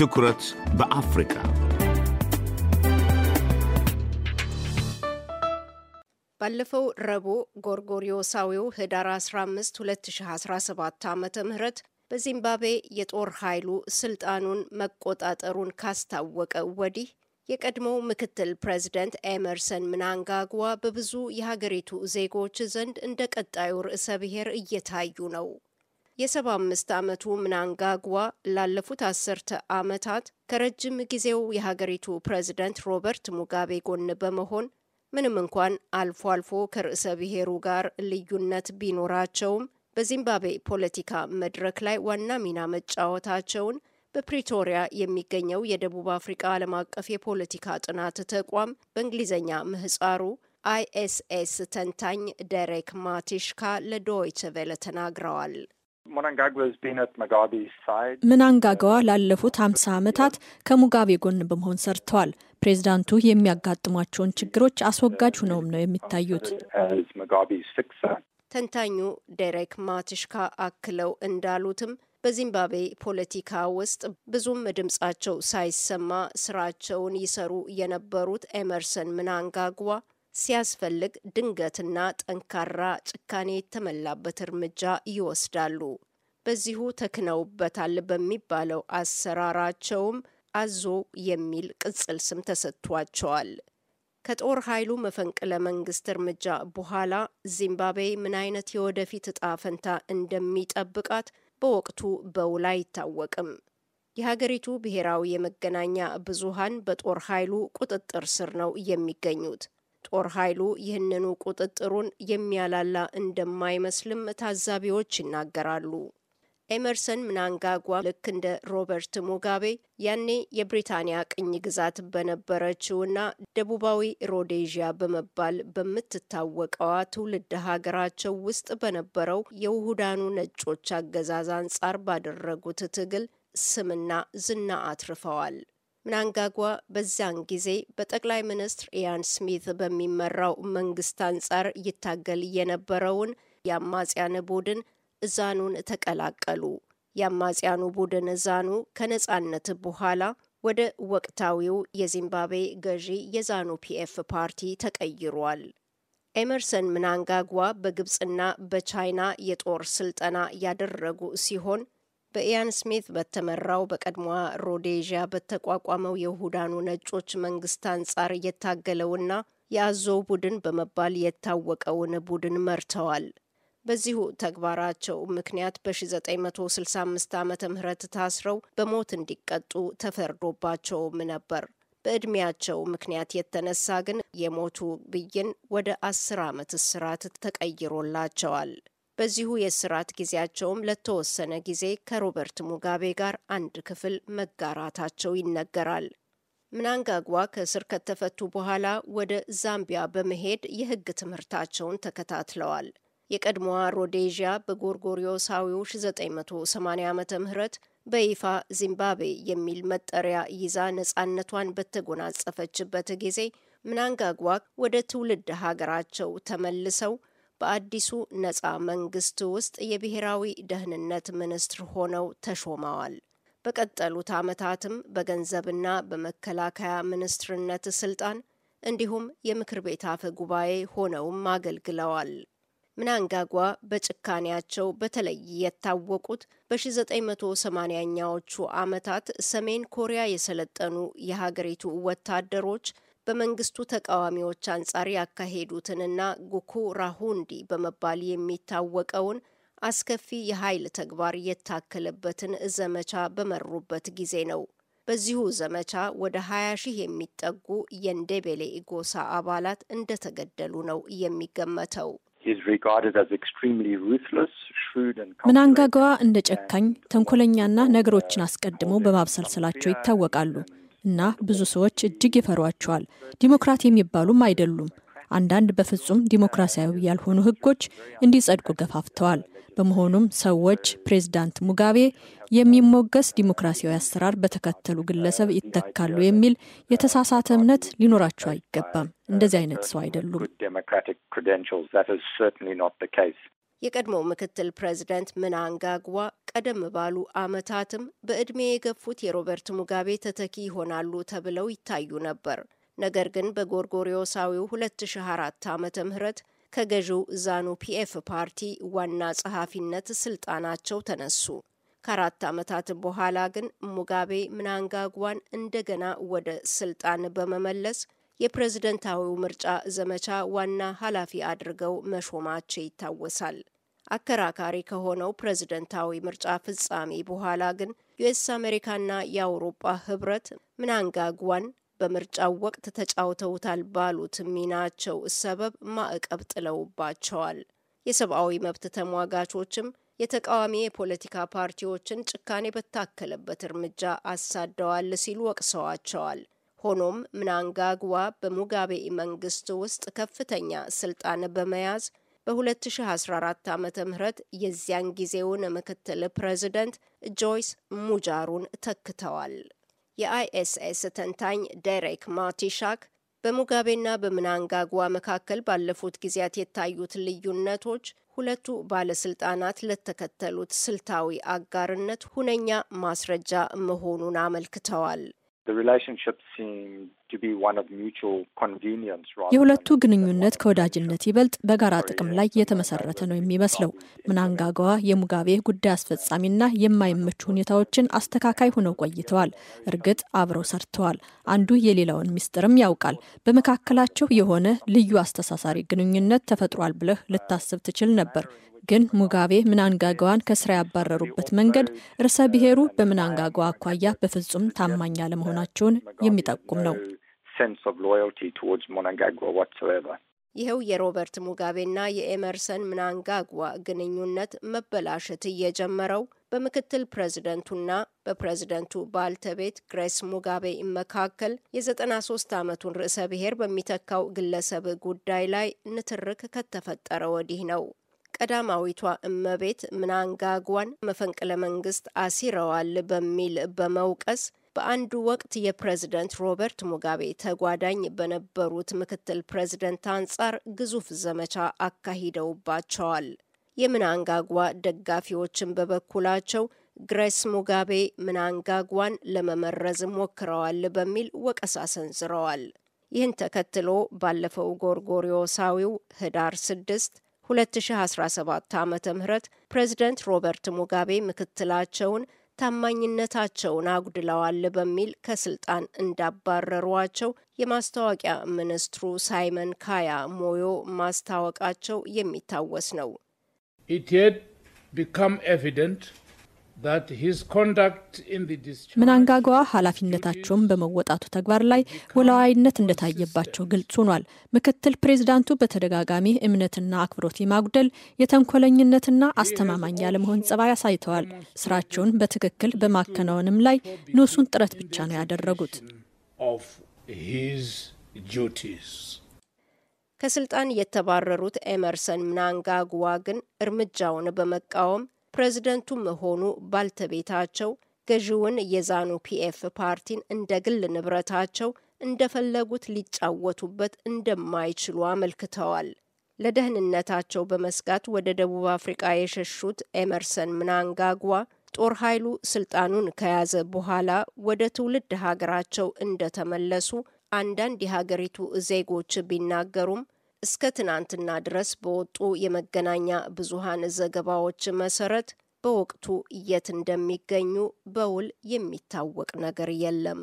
ትኩረት በአፍሪካ ባለፈው ረቡዕ ጎርጎሪዮሳዊው ህዳር 15 2017 ዓ ም በዚምባብዌ የጦር ኃይሉ ስልጣኑን መቆጣጠሩን ካስታወቀ ወዲህ የቀድሞው ምክትል ፕሬዚደንት ኤመርሰን ምናንጋጓ በብዙ የሀገሪቱ ዜጎች ዘንድ እንደ ቀጣዩ ርዕሰ ብሔር እየታዩ ነው። የ75 ዓመቱ ምናንጋግዋ ላለፉት አስርተ ዓመታት ከረጅም ጊዜው የሀገሪቱ ፕሬዝደንት ሮበርት ሙጋቤ ጎን በመሆን ምንም እንኳን አልፎ አልፎ ከርዕሰ ብሔሩ ጋር ልዩነት ቢኖራቸውም በዚምባብዌ ፖለቲካ መድረክ ላይ ዋና ሚና መጫወታቸውን በፕሪቶሪያ የሚገኘው የደቡብ አፍሪካ ዓለም አቀፍ የፖለቲካ ጥናት ተቋም በእንግሊዝኛ ምህጻሩ አይኤስኤስ ተንታኝ ደሬክ ማቲሽካ ለዶይቸ ቬለ ተናግረዋል። ምናንጋግዋ ላለፉት 50 ዓመታት ከሙጋቤ ጎን በመሆን ሰርተዋል። ፕሬዝዳንቱ የሚያጋጥሟቸውን ችግሮች አስወጋጅ ሆነውም ነው የሚታዩት። ተንታኙ ዴሬክ ማትሽካ አክለው እንዳሉትም በዚምባብዌ ፖለቲካ ውስጥ ብዙም ድምጻቸው ሳይሰማ ስራቸውን ይሰሩ የነበሩት ኤመርሰን ምናንጋግዋ ሲያስፈልግ ድንገትና ጠንካራ ጭካኔ የተሞላበት እርምጃ ይወስዳሉ። በዚሁ ተክነውበታል በሚባለው አሰራራቸውም አዞ የሚል ቅጽል ስም ተሰጥቷቸዋል። ከጦር ኃይሉ መፈንቅለ መንግስት እርምጃ በኋላ ዚምባብዌ ምን አይነት የወደፊት እጣ ፈንታ እንደሚጠብቃት በወቅቱ በውል አይታወቅም። የሀገሪቱ ብሔራዊ የመገናኛ ብዙሃን በጦር ኃይሉ ቁጥጥር ስር ነው የሚገኙት። ጦር ኃይሉ ይህንኑ ቁጥጥሩን የሚያላላ እንደማይመስልም ታዛቢዎች ይናገራሉ። ኤመርሰን ምናንጋጓ ልክ እንደ ሮበርት ሙጋቤ ያኔ የብሪታንያ ቅኝ ግዛት በነበረችውና ደቡባዊ ሮዴዥያ በመባል በምትታወቀዋ ትውልድ ሀገራቸው ውስጥ በነበረው የውሁዳኑ ነጮች አገዛዝ አንጻር ባደረጉት ትግል ስምና ዝና አትርፈዋል። ምናንጋጓ በዚያን ጊዜ በጠቅላይ ሚኒስትር ኢያን ስሚት በሚመራው መንግስት አንጻር ይታገል የነበረውን የአማጽያን ቡድን እዛኑን ተቀላቀሉ። የአማጽያኑ ቡድን ዛኑ ከነጻነት በኋላ ወደ ወቅታዊው የዚምባብዌ ገዢ የዛኑ ፒኤፍ ፓርቲ ተቀይሯል። ኤመርሰን ምናንጋጓ በግብፅና በቻይና የጦር ስልጠና ያደረጉ ሲሆን በኢያን ስሚት በተመራው በቀድሞዋ ሮዴዥያ በተቋቋመው የሁዳኑ ነጮች መንግስት አንጻር የታገለውና የአዞው ቡድን በመባል የታወቀውን ቡድን መርተዋል። በዚሁ ተግባራቸው ምክንያት በ1965 ዓ ም ታስረው በሞት እንዲቀጡ ተፈርዶባቸውም ነበር። በእድሜያቸው ምክንያት የተነሳ ግን የሞቱ ብይን ወደ አስር ዓመት እስራት ተቀይሮላቸዋል። በዚሁ የእስራት ጊዜያቸውም ለተወሰነ ጊዜ ከሮበርት ሙጋቤ ጋር አንድ ክፍል መጋራታቸው ይነገራል። ምናንጋግዋ ከእስር ከተፈቱ በኋላ ወደ ዛምቢያ በመሄድ የሕግ ትምህርታቸውን ተከታትለዋል። የቀድሞዋ ሮዴዥያ በጎርጎሪዮሳዊው 1980 ዓ ም በይፋ ዚምባብዌ የሚል መጠሪያ ይዛ ነፃነቷን በተጎናጸፈችበት ጊዜ ምናንጋጓ ወደ ትውልድ ሀገራቸው ተመልሰው በአዲሱ ነፃ መንግስት ውስጥ የብሔራዊ ደህንነት ሚኒስትር ሆነው ተሾመዋል። በቀጠሉት ዓመታትም በገንዘብና በመከላከያ ሚኒስትርነት ስልጣን እንዲሁም የምክር ቤት አፈ ጉባኤ ሆነውም አገልግለዋል። ምናንጋጓ በጭካኔያቸው በተለይ የታወቁት በ1980ኛዎቹ ዓመታት ሰሜን ኮሪያ የሰለጠኑ የሀገሪቱ ወታደሮች በመንግስቱ ተቃዋሚዎች አንጻር ያካሄዱትንና ጉኩ ራሁንዲ በመባል የሚታወቀውን አስከፊ የኃይል ተግባር የታከለበትን ዘመቻ በመሩበት ጊዜ ነው። በዚሁ ዘመቻ ወደ 20 ሺህ የሚጠጉ የንዴቤሌ ጎሳ አባላት እንደተገደሉ ነው የሚገመተው። ምናንጋጋዋ እንደ ጨካኝ ተንኮለኛና ነገሮችን አስቀድመው በማብሰልሰላቸው ይታወቃሉ እና ብዙ ሰዎች እጅግ ይፈሯቸዋል። ዲሞክራት የሚባሉም አይደሉም። አንዳንድ በፍጹም ዲሞክራሲያዊ ያልሆኑ ሕጎች እንዲጸድቁ ገፋፍተዋል። በመሆኑም ሰዎች ፕሬዝዳንት ሙጋቤ የሚሞገስ ዲሞክራሲያዊ አሰራር በተከተሉ ግለሰብ ይተካሉ የሚል የተሳሳተ እምነት ሊኖራቸው አይገባም። እንደዚህ አይነት ሰው አይደሉም። የቀድሞ ምክትል ፕሬዚደንት ምናንጋግዋ ቀደም ባሉ ዓመታትም በዕድሜ የገፉት የሮበርት ሙጋቤ ተተኪ ይሆናሉ ተብለው ይታዩ ነበር። ነገር ግን በጎርጎሪዮሳዊው 2004 ዓ ም ከገዢው ዛኑ ፒኤፍ ፓርቲ ዋና ጸሐፊነት ስልጣናቸው ተነሱ። ከአራት ዓመታት በኋላ ግን ሙጋቤ ምናንጋግዋን እንደገና ወደ ስልጣን በመመለስ የፕሬዝደንታዊው ምርጫ ዘመቻ ዋና ኃላፊ አድርገው መሾማቸው ይታወሳል። አከራካሪ ከሆነው ፕሬዝደንታዊ ምርጫ ፍጻሜ በኋላ ግን ዩኤስ አሜሪካና የአውሮፓ ህብረት ምናንጋግዋን በምርጫው ወቅት ተጫውተውታል ባሉት ሚናቸው ሰበብ ማዕቀብ ጥለውባቸዋል። የሰብአዊ መብት ተሟጋቾችም የተቃዋሚ የፖለቲካ ፓርቲዎችን ጭካኔ በታከለበት እርምጃ አሳደዋል ሲሉ ወቅሰዋቸዋል። ሆኖም ምናንጋግዋ በሙጋቤ መንግስት ውስጥ ከፍተኛ ስልጣን በመያዝ በ2014 ዓ ም የዚያን ጊዜውን ምክትል ፕሬዚደንት ጆይስ ሙጃሩን ተክተዋል። የአይኤስኤስ ተንታኝ ዴሬክ ማቲሻክ በሙጋቤና በምናንጋግዋ መካከል ባለፉት ጊዜያት የታዩት ልዩነቶች ሁለቱ ባለስልጣናት ለተከተሉት ስልታዊ አጋርነት ሁነኛ ማስረጃ መሆኑን አመልክተዋል። The relationship seemed የሁለቱ ግንኙነት ከወዳጅነት ይበልጥ በጋራ ጥቅም ላይ የተመሰረተ ነው የሚመስለው። ምናንጋጋዋ የሙጋቤ ጉዳይ አስፈጻሚና የማይመቹ ሁኔታዎችን አስተካካይ ሆነው ቆይተዋል። እርግጥ አብረው ሰርተዋል። አንዱ የሌላውን ሚስጥርም ያውቃል። በመካከላቸው የሆነ ልዩ አስተሳሳሪ ግንኙነት ተፈጥሯል ብለህ ልታስብ ትችል ነበር። ግን ሙጋቤ ምናንጋጋዋን ከስራ ያባረሩበት መንገድ ርዕሰ ብሔሩ በምናንጋጋዋ አኳያ በፍጹም ታማኝ አለመሆናቸውን የሚጠቁም ነው። sense of loyalty towards Mnangagwa whatsoever. ይኸው የሮበርት ሙጋቤና የኤመርሰን ምናንጋግዋ ግንኙነት መበላሸት እየጀመረው በምክትል ፕሬዝደንቱና በፕሬዝደንቱ ባልተቤት ግሬስ ሙጋቤ መካከል የ93 ዓመቱን ርዕሰ ብሔር በሚተካው ግለሰብ ጉዳይ ላይ ንትርክ ከተፈጠረ ወዲህ ነው። ቀዳማዊቷ እመቤት ምናንጋግዋን መፈንቅለ መንግስት አሲረዋል በሚል በመውቀስ በአንድ ወቅት የፕሬዝደንት ሮበርት ሙጋቤ ተጓዳኝ በነበሩት ምክትል ፕሬዝደንት አንጻር ግዙፍ ዘመቻ አካሂደውባቸዋል። የምናንጋጓ ደጋፊዎችን በበኩላቸው ግሬስ ሙጋቤ ምናንጋጓን ለመመረዝ ሞክረዋል በሚል ወቀሳ ሰንዝረዋል። ይህን ተከትሎ ባለፈው ጎርጎሪዮሳዊው ህዳር 6 2017 ዓ ም ፕሬዝደንት ሮበርት ሙጋቤ ምክትላቸውን ታማኝነታቸውን አጉድለዋል በሚል ከስልጣን እንዳባረሯቸው የማስታወቂያ ሚኒስትሩ ሳይመን ካያ ሞዮ ማስታወቃቸው የሚታወስ ነው። ኢትድ ቢካም ኤቪደንት ምናንጋጓ ኃላፊነታቸውን በመወጣቱ ተግባር ላይ ወላዋይነት እንደታየባቸው ግልጽ ሆኗል። ምክትል ፕሬዚዳንቱ በተደጋጋሚ እምነትና አክብሮት የማጉደል የተንኮለኝነትና አስተማማኝ ያለመሆን ጸባይ አሳይተዋል። ስራቸውን በትክክል በማከናወንም ላይ ንሱን ጥረት ብቻ ነው ያደረጉት። ከስልጣን የተባረሩት ኤመርሰን ምናንጋግዋ ግን እርምጃውን በመቃወም ፕሬዝደንቱም መሆኑ ባልተቤታቸው ገዢውን የዛኑ ፒኤፍ ፓርቲን እንደ ግል ንብረታቸው እንደፈለጉት ሊጫወቱበት እንደማይችሉ አመልክተዋል። ለደህንነታቸው በመስጋት ወደ ደቡብ አፍሪቃ የሸሹት ኤመርሰን ምናንጋጓ ጦር ኃይሉ ስልጣኑን ከያዘ በኋላ ወደ ትውልድ ሀገራቸው እንደተመለሱ አንዳንድ የሀገሪቱ ዜጎች ቢናገሩም እስከ ትናንትና ድረስ በወጡ የመገናኛ ብዙሃን ዘገባዎች መሰረት በወቅቱ የት እንደሚገኙ በውል የሚታወቅ ነገር የለም።